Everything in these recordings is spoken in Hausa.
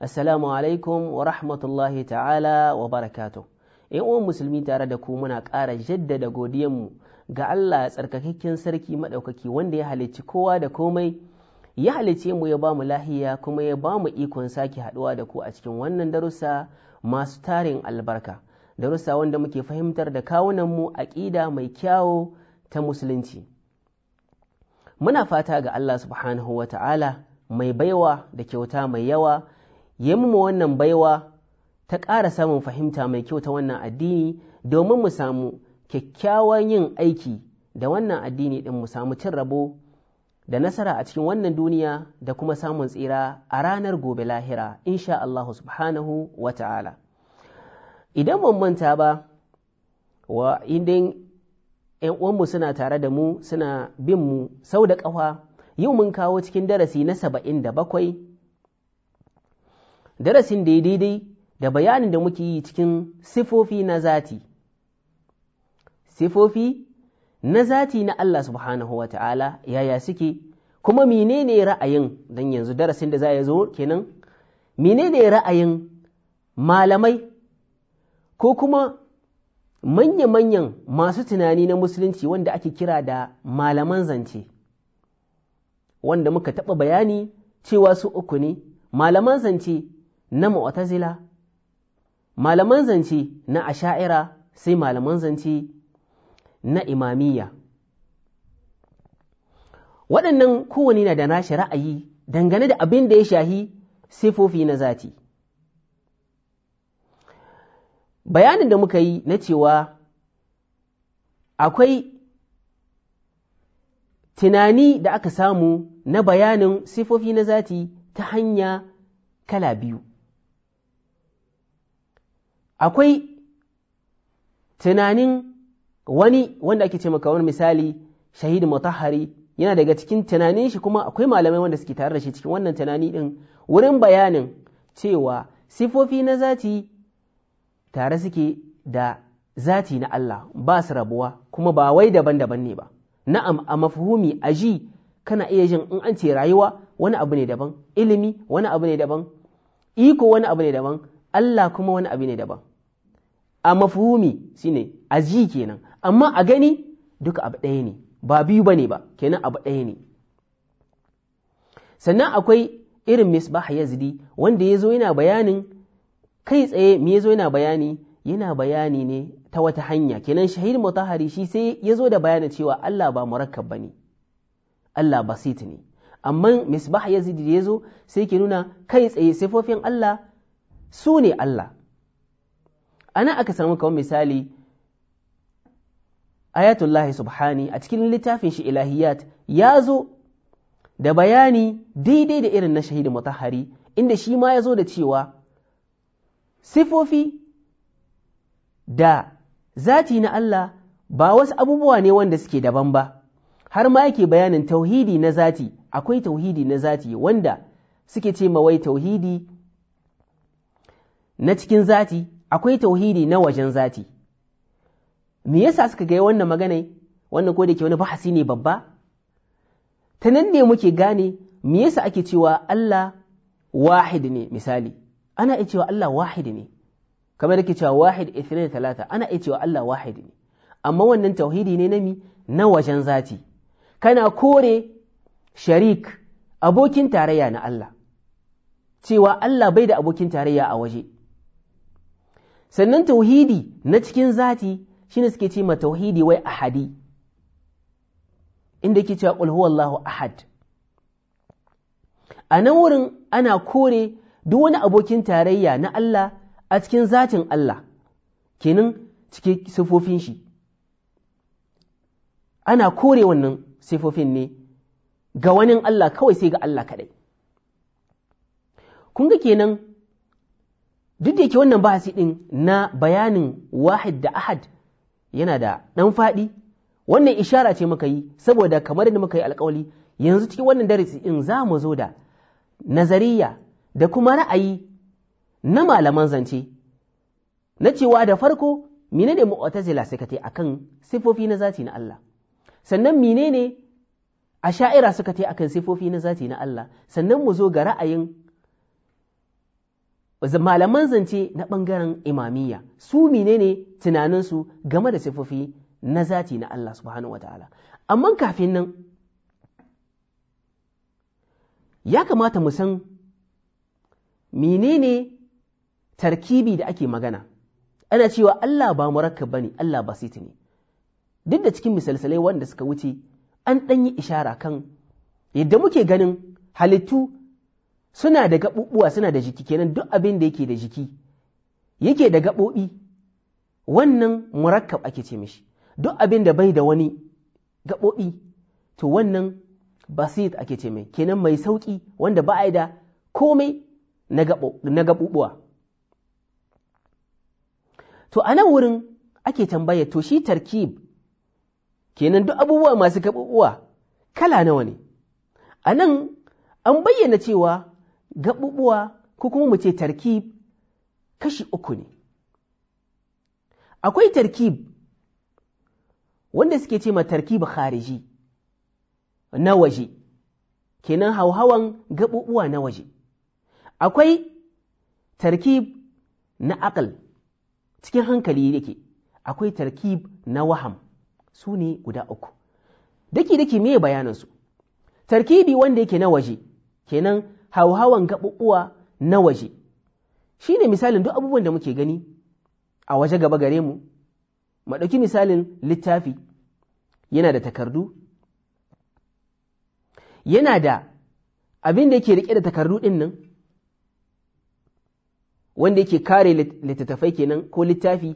Assalamu alaikum wa rahmatullahi ta'ala wa barakatu ‘Yan uwan musulmi tare da ku muna ƙara jaddada godiyanmu ga Allah tsarkakakken sarki maɗaukaki wanda ya halicci kowa da komai, ya halicce mu ya bamu lahiya kuma ya bamu ikon sake haɗuwa da ku a cikin wannan darussa masu tarin albarka. Darussa wanda muke fahimtar da kawunanmu aƙida mai kyawo ta musulunci. Muna fata ga Allah subhanahu wa ta'ala mai baiwa da kyauta mai yawa ya mu wannan baiwa ta ƙara samun fahimta mai kyau ta wannan addini domin mu samu kyakkyawan yin aiki da wannan addini ɗin mu samu cin rabo da nasara a cikin wannan duniya da kuma samun tsira a ranar gobe lahira insha Allah subhanahu wa ta'ala idan ban manta ba wa idan ‘yan uwanmu suna tare da mu suna bin mu sau da ƙafa yau mun kawo cikin darasi na saba'in da bakwai darasin da ya daidai da bayanin da muke yi cikin sifofi na zati sifofi na zati na Allah subhanahu wa ta'ala yaya suke kuma menene ra'ayin don yanzu darasin da za ya zo kenan menene ra'ayin malamai ko kuma manya-manyan masu tunani na musulunci wanda ake kira da malaman zance wanda muka taɓa bayani cewa su uku ne malaman zance na mu'tazila malaman zance na asha'ira sai malaman zance na imamiyya waɗannan kowane na da nashi ra'ayi dangane da abin da ya shahi sifofi na zati bayanin da muka yi na cewa akwai tunani da aka samu na bayanin sifofi na zati ta hanya kala biyu akwai tunanin wani wanda ake ce maka wani misali shahid mutahari yana daga cikin tunanin shi kuma akwai malamai wanda suke tare da shi cikin wannan tunani din wurin bayanin cewa sifofi na zati tare suke da zati na Allah ba su rabuwa kuma ba wai daban-daban ne ba na'am a mafhumi a ji kana iya jin in an ce rayuwa wani abu ne daban ilimi wani abu ne daban iko wani abu ne daban Allah kuma wani abu ne daban a mafhumi shine a ji kenan amma a gani duka abu ɗaya ne ba biyu ba ne ba kenan abu ɗaya ne sannan akwai irin misbah yazdi wanda ya zo yana bayanin kai tsaye me ya zo yana bayani yana bayani ne ta wata hanya kenan shahid mutahari shi sai ya zo da bayanin cewa Allah ba mu murakkab ne, Allah basit ne amma misbah yazdi da ya zo sai ke nuna kai tsaye sifofin Allah su ne Allah ana aka samu kamar misali ayatullahi subhani a cikin littafin shi ilahiyat ya zo da bayani daidai da irin na shahidi mutahari inda shi ma ya zo da cewa sifofi da zati na Allah ba wasu abubuwa ne wanda suke daban ba har ma yake bayanin tauhidi na zati akwai tauhidi na zati wanda suke ce mawai tauhidi na cikin zati akwai tauhidi na wajen zati me yasa suka ga wannan magana wannan ko da ke wani bahasi ne babba ta nan ne muke gane me yasa ake cewa Allah wahid ne misali ana iya cewa Allah wahid ne kamar yake cewa wahid ithnain talata ana iya cewa Allah wahid ne amma wannan tauhidi ne nami na wajen zati kana kore sharik abokin tarayya na Allah cewa Allah bai da abokin tarayya a waje sannan tauhidi na cikin zati shi ne suke ce ma tauhidi wai ahadi inda ke cewa qul Allahu ahad a nan wurin ana kore duk wani abokin tarayya na Allah a cikin zatin Allah kenan cikin sifofin shi ana kore wannan sifofin ne ga wani Allah kawai sai ga Allah kaɗai kun ga kenan duk da yake wannan bahasi ɗin na bayanin wahid da ahad yana da ɗan faɗi wannan ishara ce muka yi saboda kamar da muka yi alƙawali, yanzu cikin wannan darasi in za mu zo da nazariya da kuma ra'ayi na malaman zance na cewa da farko mine ne mu'tazila suka te akan sifofi na zati na Allah sannan mine ne asha'ira suka te akan sifofi na zati na Allah sannan mu zo ga ra'ayin malaman zance na ɓangaren imamiyya su menene tunaninsu game da sifofi na zati na Allah subhanahu wa ta'ala amma kafin nan ya kamata mu san menene tarkibi da ake magana ana cewa Allah ba ba ne, Allah basit ne duk da cikin misalsalai wanda suka wuce an ɗanyi ishara kan yadda muke ganin halittu suna da gaɓuɓuwa suna da jiki kenan duk abin da yake da jiki yake da gaɓoɓi wannan murakkab ake ce mishi duk abin da bai da wani gaɓoɓi to wannan basit ake ce mai kenan mai sauƙi wanda ba a da komai na gaɓuɓuwa to a nan wurin ake tambaya to shi tarkib kenan duk abubuwa masu gaɓuɓuwa kala nawa ne a nan an bayyana cewa gaɓuɓuwa ko kuma mu ce tarkib kashi uku ne akwai tarkib wanda suke ce ma tarkib khariji na waje kenan hauhawan gaɓuɓuwa na waje akwai tarkib na akal cikin hankali yake akwai tarkib na waham su ne guda uku daki-daki me su? tarkibi wanda yake na waje kenan hauhawan gaɓuɓɓuwa na waje shi ne misalin duk abubuwan da muke gani a waje gaba gare mu Maɗauki misalin littafi yana da takardu yana da abin da yake riƙe da takardu ɗin nan wanda yake kare littattafai kenan ko littafi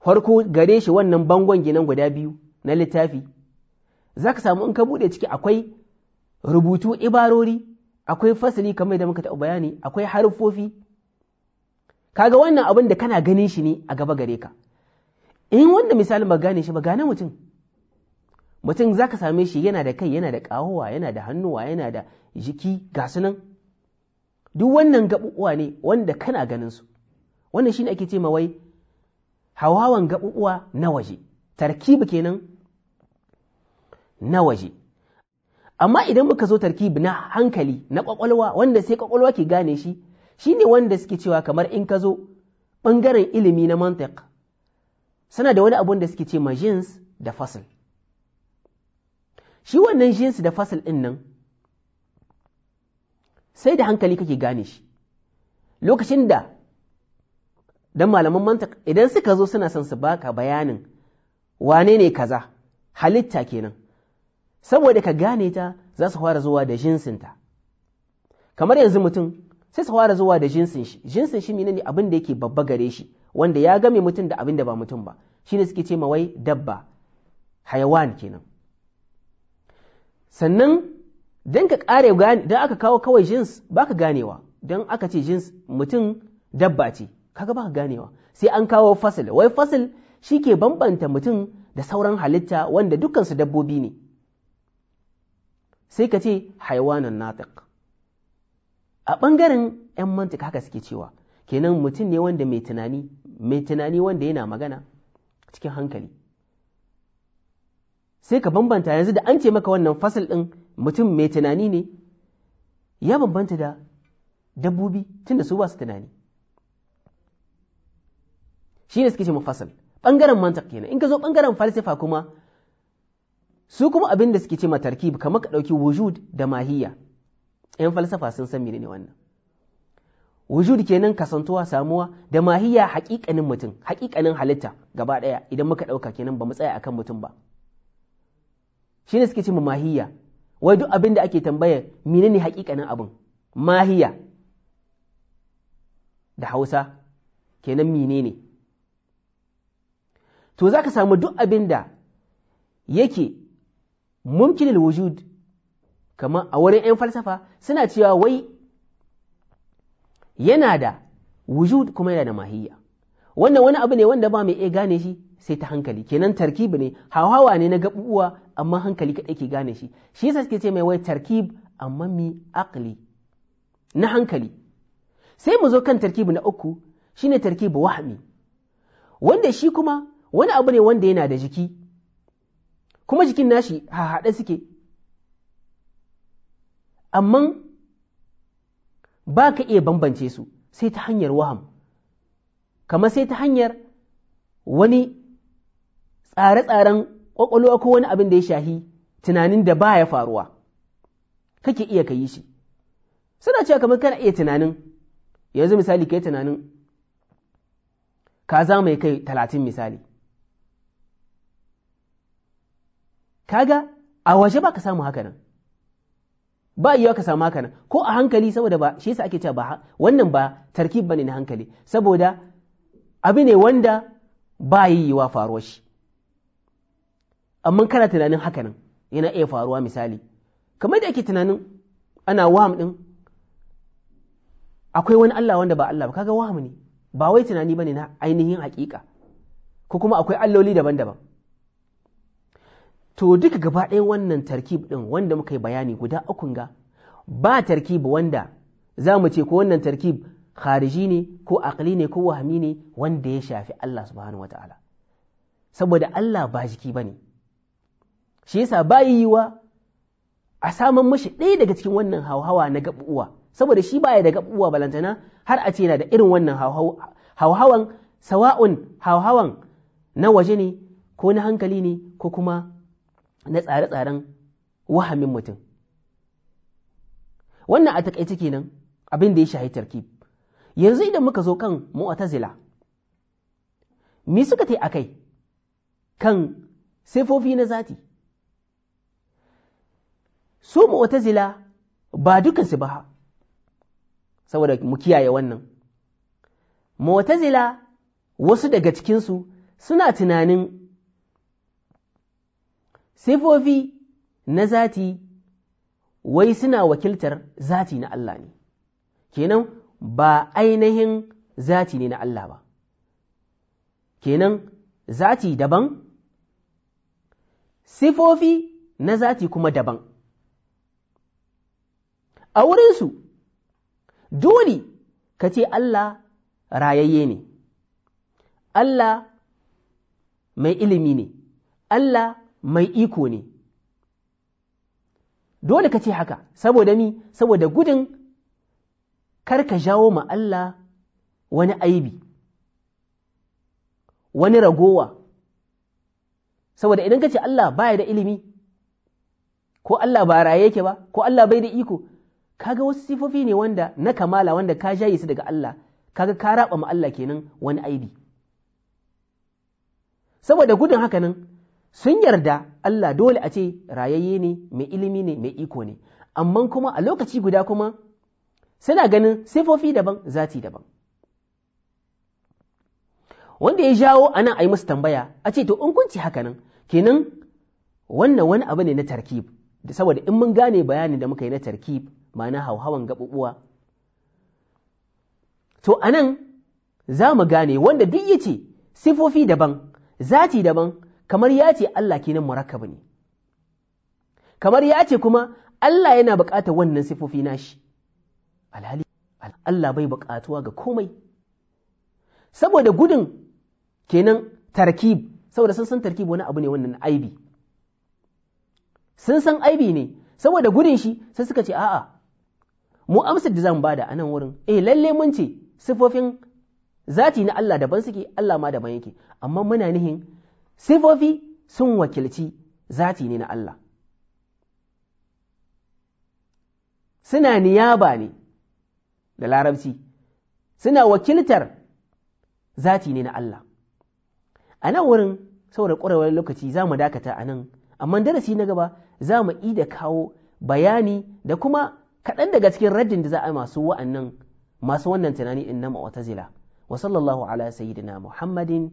farko gare shi wannan bangon ginan guda biyu na littafi za ka samu in ka buɗe ciki akwai rubutu ibarori akwai fasali kamar da muka taɓa bayani akwai harufofi kaga wannan abin da kana ganin shi ne a gaba gare ka in wanda misalin ba gane shi ba gane mutum mutum za ka same shi yana da kai yana da ƙahowa yana da hannuwa yana da jiki ga nan duk wannan gaɓuɓuwa ne wanda kana ganin su wannan shi ne ake ce wai hawawan gaɓuɓuwa na waje tarkibu kenan na waje amma idan muka zo tarkibi na hankali na kwakwalwa wanda sai kwakwalwa ke gane shi shi ne wanda suke cewa kamar in ka zo ɓangaren ilimi na mantik suna da wani abun da suke ce ma jins da fasil shi wannan jins da fasil ɗin nan sai da hankali kake gane shi lokacin da dan malaman mantik idan suka zo suna son su baka bayanin wane ne kaza halitta kenan saboda ka gane ta za su fara zuwa da jinsinta kamar yanzu mutum sai su fara zuwa da jinsin shi jinsin shi ne abin da yake babba gare shi wanda ya game mutum da abin da ba mutum ba Shi shine suke ce wai dabba hayawan kenan sannan don ka kare don aka kawo kawai jins baka ganewa don aka ce jins mutum dabba ce kaga ba ka ganewa sai an kawo fasil wai fasil shi ke bambanta mutum da sauran halitta wanda dukansu dabbobi ne sai ka ce haiwanan natiq a ɓangaren 'yan mantika haka suke cewa kenan mutum ne wanda mai tunani mai tunani wanda yana magana cikin hankali sai ka bambanta yanzu da an ce maka wannan fasil ɗin mutum mai tunani ne ya bambanta da dabbobi tunda su ba su tunani shi ne suke ce mafasal ɓangaren mantak kenan in ka zo ɓangaren falsifa kuma su kuma abin da suke ce ma tarkib kamar ka ɗauki wujud da mahiya ‘yan falsafa sun san menene wannan wujud kenan kasantuwa samuwa da mahiya haƙiƙanin mutum haƙiƙanin halitta gaba ɗaya idan muka ɗauka kenan ba mu tsaya akan mutum ba shi ne suke ce ma mahiya wai duk abin da ake tambaya menene haƙiƙanin abin mahiya da hausa kenan menene to za ka samu duk abin da yake mumkinin wujud kamar a wurin 'yan falsafa suna cewa wai yana da wujud kuma yana da mahiyya wannan wani abu ne wanda ba mai iya gane shi sai ta hankali kenan tarkib ne hawawa ne na gabuwa amma hankali kaɗai ke gane shi shi yasa suke ce mai wai tarkib amma mi akli. na hankali sai mu zo kan tarkib na uku shine tarkib wahmi wanda shi kuma wani abu ne wanda yana da jiki kuma jikin nashi haɗe suke amma ba ka iya bambance su sai ta hanyar waham kama sai ta hanyar wani tsare-tsaren ƙwaƙwalwa ko wani abin da ya shahi tunanin da ba ya faruwa kake iya ka yi shi suna cewa kamar kana iya tunanin yanzu misali ka yi tunanin kaza mai kai talatin misali kaga a waje ba ka samu haka nan ba iya ka samu hakanan? ko a hankali saboda ba shi yasa ake cewa ba wannan ba tarkib bane na hankali saboda abu ne wanda ba yiwa faruwa shi amma kana tunanin haka yana iya faruwa misali kamar da ake tunanin ana waham din akwai wani Allah wanda ba Allah ba kaga waham ne ba wai tunani bane na ainihin hakika ko kuma akwai alloli daban-daban to duka gaba ɗaya wannan tarkib ɗin wanda muka yi bayani guda ukun ga ba tarkib wanda za mu ce ko wannan tarkib khariji ne ko aqli ne ko wahami ne wanda ya shafi Allah subhanahu wataala saboda Allah ba jiki bane shi yasa ba yiwa a saman mashi ɗaya daga cikin wannan hauhawa na gabuwa saboda shi baya da gabuwa balantana har a ce yana da irin wannan hauhawan sawa'un hauhawan na waje ne ko na hankali ne ko kuma na tsare-tsaren wahamin mutum wannan a takaice kenan abin da ya shahi tarkib yanzu idan muka zo kan mu'tazila mi suka a kai kan sifofi na zati su mu'tazila ba dukansu ba saboda mu kiyaye wannan mu'tazila wasu daga cikinsu suna tunanin sifofi na zati wai suna wakiltar zati na Allah ne kenan ba ainihin zati ne na Allah ba kenan zati daban sifofi na zati kuma daban a wurinsu dole ka ce Allah rayayye ne Allah mai ilimi ne Allah mai iko ne dole ka ce haka saboda ni saboda gudun kar ka jawo ma Allah wani aibi wani ragowa saboda idan ka ce Allah baya da ilimi ko Allah ba raye yake ba ko Allah bai da iko kaga wasu sifofi ne wanda na kamala wanda ka jaye su daga Allah kaga ka raba ma Allah kenan wani aibi saboda gudun haka nan sun yarda Allah dole a ce rayayye ne mai ilimi ne mai iko ne amma kuma a lokaci guda kuma suna ganin sifofi daban zati daban wanda ya jawo a nan a yi musu tambaya a ce to in kunci haka nan kenan wannan wani abu ne na tarkib saboda in mun gane bayanin da muka yi na tarkib ma'ana hauhawan gaɓuɓuwa to a nan za mu gane wanda duk ya ce sifofi daban zati daban kamar ya ce Allah kenan murakkab ne kamar ya ce kuma Allah yana buƙatar wannan sifofi nashi alhali Allah bai buƙatuwa ga komai saboda gudun kenan tarkib saboda sun san tarkib wani abu ne wannan aibi sun san aibi ne saboda gudun shi sai suka ce a'a mu amsar da zan bada a nan wurin eh lalle mun ce sifofin zati na Allah daban suke Allah ma daban yake amma muna nihin sifofi sun wakilci zati ne na Allah suna niyaba ne da larabci suna wakiltar zati ne na Allah a nan wurin saboda ƙwarewar lokaci za mu dakata a nan amma darasi na gaba za mu ida kawo bayani da kuma kaɗan daga cikin raddin da za a masu wa'annan masu wannan tunani in na mu'tazila wa sallallahu ala sayyidina muhammadin